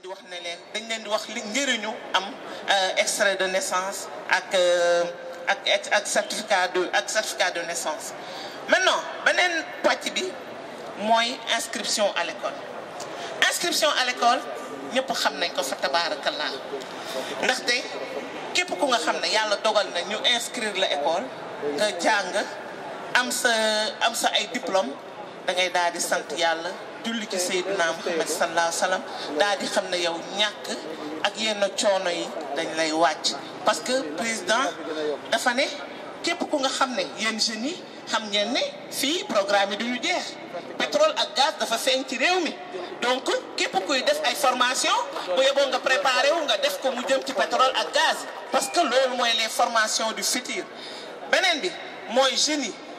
di wax ne leen dañ leen di wax li am euh, extrait de naissance ak euh, ak ak certificat de ak certificat de naissance maintenant benen pàcc bi mooy inscription à l'école inscription à l'école ñëpp xam nañ ko fa tabaarakallaa ndaxte képp ku nga xam ne yàlla dogal na ñu inscrire la école nga jàng am sa am sa ay diplôme dangay ngay daal di sant yàlla julli ci Seydina Muhammad sallallahu alayhi wasallam sallam daal yow ñak ak yenn choono yi dañ lay wacc parce que président dafa ne képp ku nga xam ne yéen xam ngeen ne fii programme yi duñu jeex pétrole ak gaz dafa feeñ ci réew mi donc képp kuy def ay formation bu yeboo nga préparé wu nga def ko mu jëm ci pétrole ak gaz parce que loolu mooy les formations du futur beneen bi mooy jeunes yi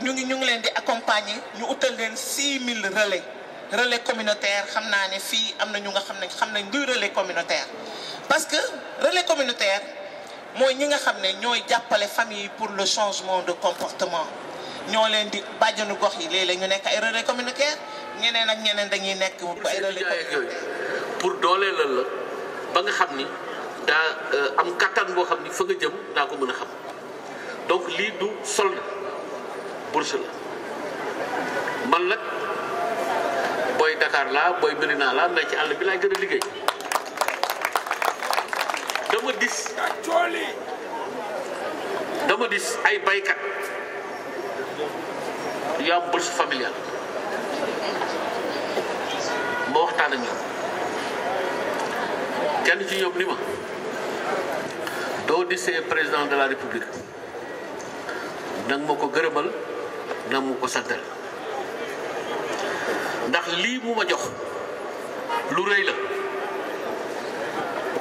Nous ngi accompagner 6000 relais relais communautaires, nous relais communautaires. parce que relais communautaires, nous ñi nga nous nous pas les familles pour le changement de comportement nous avons di nous relais communautaires, nous ak nous pour donner la ba nga avez nous euh, am donc bourse la man booy Dakar laa booy Médina laa mais ci àll bi laay gën a liggéey dama gis dama dis ay baykat yu am bourse familiale ma waxtaan ak kenn ci ñoom ni ma doo di président de la république nag ma ko gërëmal na mu ko santal ndax lii mu ma jox lu rëy la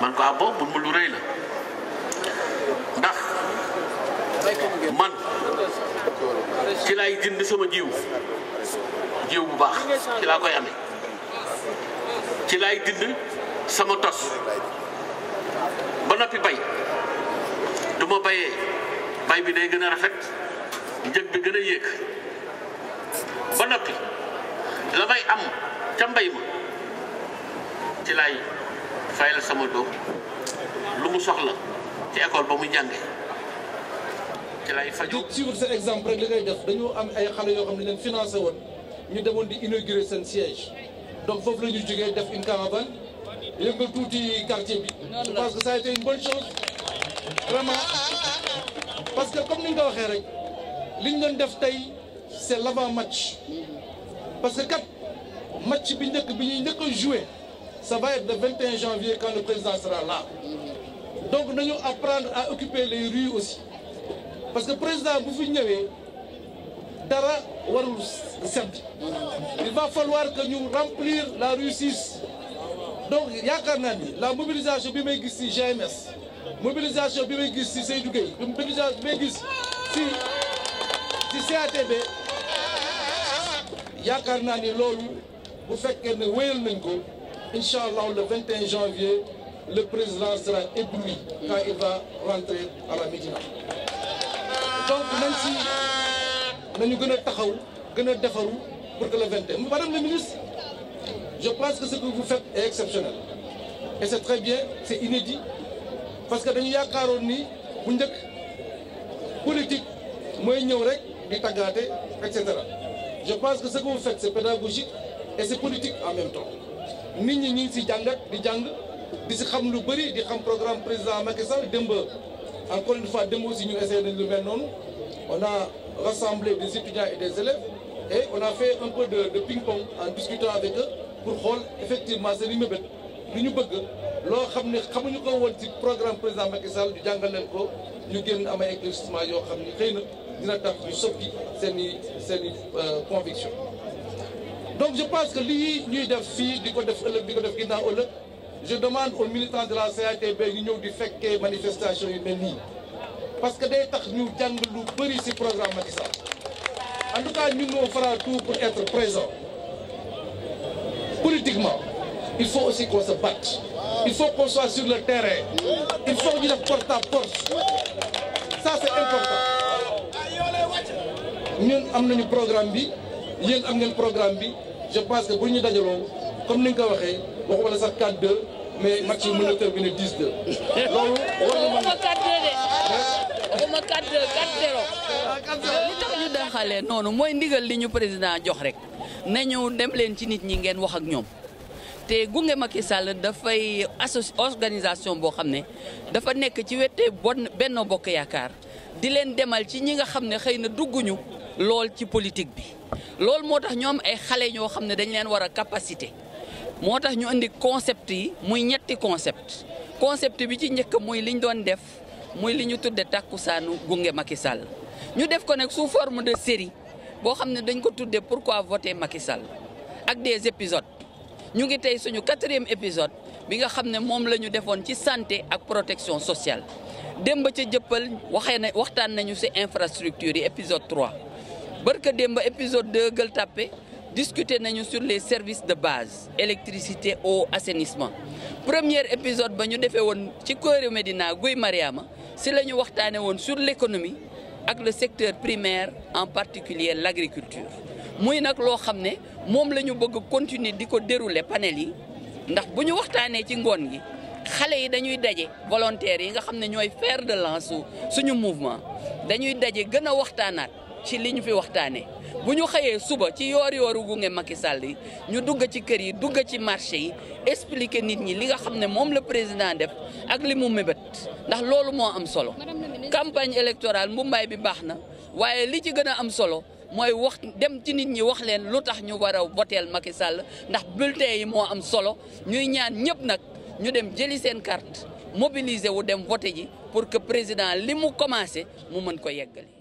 man koo ah bon mun mu lu rëy la ndax man ci lay jënd sama jiw jiw bu baax ci laa koy ame ci laay jënd sama tos ba noppi bay du ma bayee bay bi day gën a rafet njëg bi gën a yéeg ba noppi la may am ca mbay ma ci laay fayal sama doom lu mu soxla ci école ba mu jàngee ci laay faju di suivre seen exemple rek li def dañoo am ay xale yoo xam ne leen financé woon ñu demoon di inaugurer seen siège donc foofu la jógee def une caravane yëngal tuuti quartier bi je pense que ça a été une bonne vraiment parce comme ni nga waxee rek liñ de c'est l'avant-match parce que le match que nous bi joué ça va être le 21 janvier quand le président sera là donc allons apprendre à occuper les rues aussi parce que le président bu il va falloir que nous remplir la rue 6 donc a qu'un ni la mobilisation bi GMS mobilisation de may c'est ci mobilisation de may c'est ci ni lolou bu ne nañ ko inshallah le 21 janvier le président sera ébloui quand il va rentrer à la Médina donc même si nañu gëna taxaw gëna défaru pour que le 21 madame la ministre je pense que ce que vous faites est exceptionnel et c'est très bien c'est inédit parce que dañu yaakaaroon ni bu ñëk politique moy ñëw rek je pense que ce que vous faites c'est pédagogique et c'est politique en même temps Nous sommes ñu ngi si jàngat di jàng di si xam programme président Macky Sall démb encore une fois nous aussi ñu essayé nañ lu on a rassemblé des étudiants et des élèves et on a fait un peu de de ping-pong en discutant avec eux pour voir effectivement seen i nous lu ñu bëgg loo xam xamuñu ko programme président Macky Sall ñu jàngal nous génn am ay éclaircissement yoo xam ni xëy na dina tax ñu soppi seen i euh, conviction donc je pense que lii ñuy def fii di ko def ëllëg di def je demande aux militants de la CATB ñu ñëw di fekkee manifestation yu mel parce que day tax ñu jàng lu bëri ci programme Macky en tout cas ñun on fera tout pour être présent politiquement il faut aussi qu'on se batte il faut qu'on soit sur le terrain il faut ñu def porte nañu programme bi yéen am ngeen programme bi je pense que bu ñu dajaloo comme ni nga ko waxee waxuma la sax 4-2 mais match yi mën na terminer 10-2 noonu mooy ndigal li ñu président jox rek nañu dem leen ci nit ñi ngeen wax ak ñoom Té Gungé Macky Sall une organisation boo xam ne ci Benno Bokk yakar di len demal ci dugguñu lool politique bi lool motax ñom ay xalé ñoo xamné dañ capacité motax ñu concept yi muy ñetti concept concept bi ci liñ doon def muy liñu tuddé ñu def ko sous forme de série bo xamné dañ ko pourquoi voter Macky Sall ak des épisodes nous sommes le quatrième épisode bi nga avons la santé et la la protection sociale Nous avons jëppal l'infrastructure nañu épisode 3 barka l'épisode épisode 2 nous tapé, discuter nañu sur les services de base électricité eau assainissement premier épisode nous ñu defee ci Guy Mariama sur l'économie et le secteur primaire en particulier l'agriculture muy nag loo xam ne moom la ñu bëgg continuer di ko dérouler panel yi ndax bu ñu waxtaanee ci ngoon gi xale yi dañuy daje volontaires yi nga xam ne ñooy fer de lance suñu mouvement dañuy daje gën a waxtaanaat ci li ñu fi waxtaanee bu ñu xëyee suba ci yoor yooru gunge Macky Sall yi ñu dugg ci kër yi dugg ci marché yi expliquer nit ñi li nga xam ne moom la président def ak li mu mébét ndax loolu moo am solo campagne électorale mbumbaay bi baax na waaye li ci gën a am solo mooy wax dem ci nit ñi wax leen lu tax ñu war a woteel Macky Sall ndax bulletin yi moo am solo ñuy ñaan ñëpp nag ñu dem jëli seen carte mobiliser wu dem voté ji pour que président li mu commencé mu mën ko yeggali.